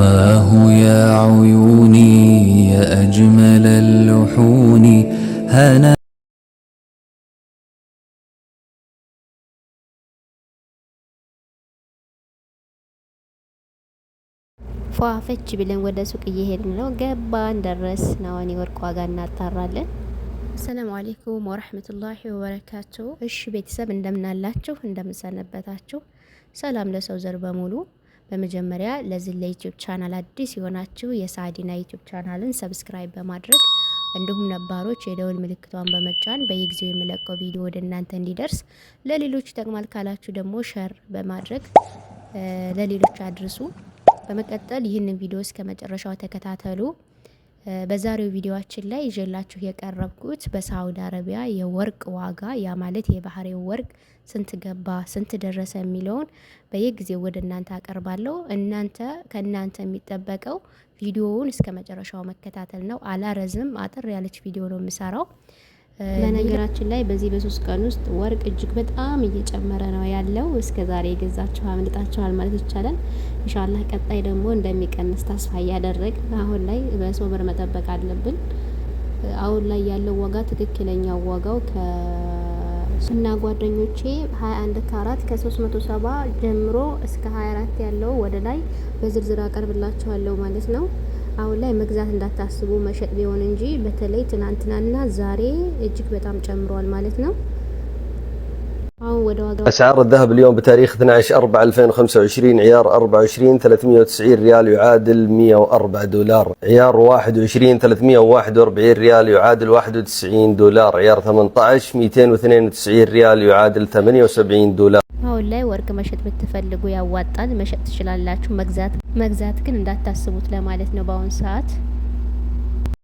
رباه يا عيوني يا أجمل اللحون هنا ፏፈች ብለን ወደ ሱቅ እየሄድን ነው። ገባን ደረስ ናዋን የወርቅ ዋጋ እናጣራለን። አሰላሙ አሌይኩም ወረህመቱላሂ ወበረካቱሁ። እሺ ቤተሰብ እንደምናላችሁ እንደምንሰነበታችሁ። ሰላም ለሰው ዘር በሙሉ በመጀመሪያ ለዚህ ለዩቲዩብ ቻናል አዲስ የሆናችሁ የሳዲና ዩቲዩብ ቻናልን ሰብስክራይብ በማድረግ እንዲሁም ነባሮች የደውል ምልክቷን በመጫን በየጊዜው የምለቀው ቪዲዮ ወደ እናንተ እንዲደርስ ለሌሎች ይጠቅማል ካላችሁ ደግሞ ሸር በማድረግ ለሌሎች አድርሱ። በመቀጠል ይህንን ቪዲዮ እስከ መጨረሻው ተከታተሉ። በዛሬው ቪዲዮችን ላይ ይዤላችሁ የቀረብኩት በሳውዲ አረቢያ የወርቅ ዋጋ ያ ማለት የባህሬው ወርቅ ስንት ገባ ስንት ደረሰ የሚለውን በየጊዜው ወደ እናንተ አቀርባለሁ። እናንተ ከእናንተ የሚጠበቀው ቪዲዮውን እስከ መጨረሻው መከታተል ነው። አላረዝም፣ አጥር ያለች ቪዲዮ ነው የምሰራው። በነገራችን ላይ በዚህ በሶስት ቀን ውስጥ ወርቅ እጅግ በጣም እየጨመረ ነው ያለው። እስከ ዛሬ የገዛችሁ አምልጣችኋል ማለት ይቻላል። ኢንሻላህ ቀጣይ ደግሞ እንደሚቀንስ ተስፋ እያደረግ አሁን ላይ በሶብር መጠበቅ አለብን። አሁን ላይ ያለው ዋጋ ትክክለኛው ዋጋው እና ጓደኞቼ 21 ካራት ከ370 ጀምሮ እስከ 24 ያለው ወደ ላይ በዝርዝር አቀርብላችኋለሁ ማለት ነው። አሁን ላይ መግዛት እንዳታስቡ መሸጥ ቢሆን እንጂ በተለይ ትናንትናና ዛሬ እጅግ በጣም ጨምሯል ማለት ነው። أسعار الذهب اليوم بتاريخ 12 4 2025 عيار 24 390 ريال يعادل 104 دولار عيار 21 341 ريال يعادل 91 دولار عيار 18 292 ريال يعادل 78 دولار አሁን ላይ ወርቅ መሸጥ ብትፈልጉ ያዋጣል፣ መሸጥ ትችላላችሁ። መግዛት መግዛት ግን እንዳታስቡት ለማለት ነው በአሁኑ ሰዓት